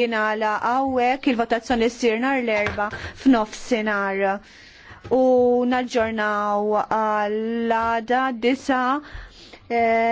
jinala għawek il-votazzjoni ssir nhar l-erba' f'nofsinhar u naġġornaw għal għada disa' eh,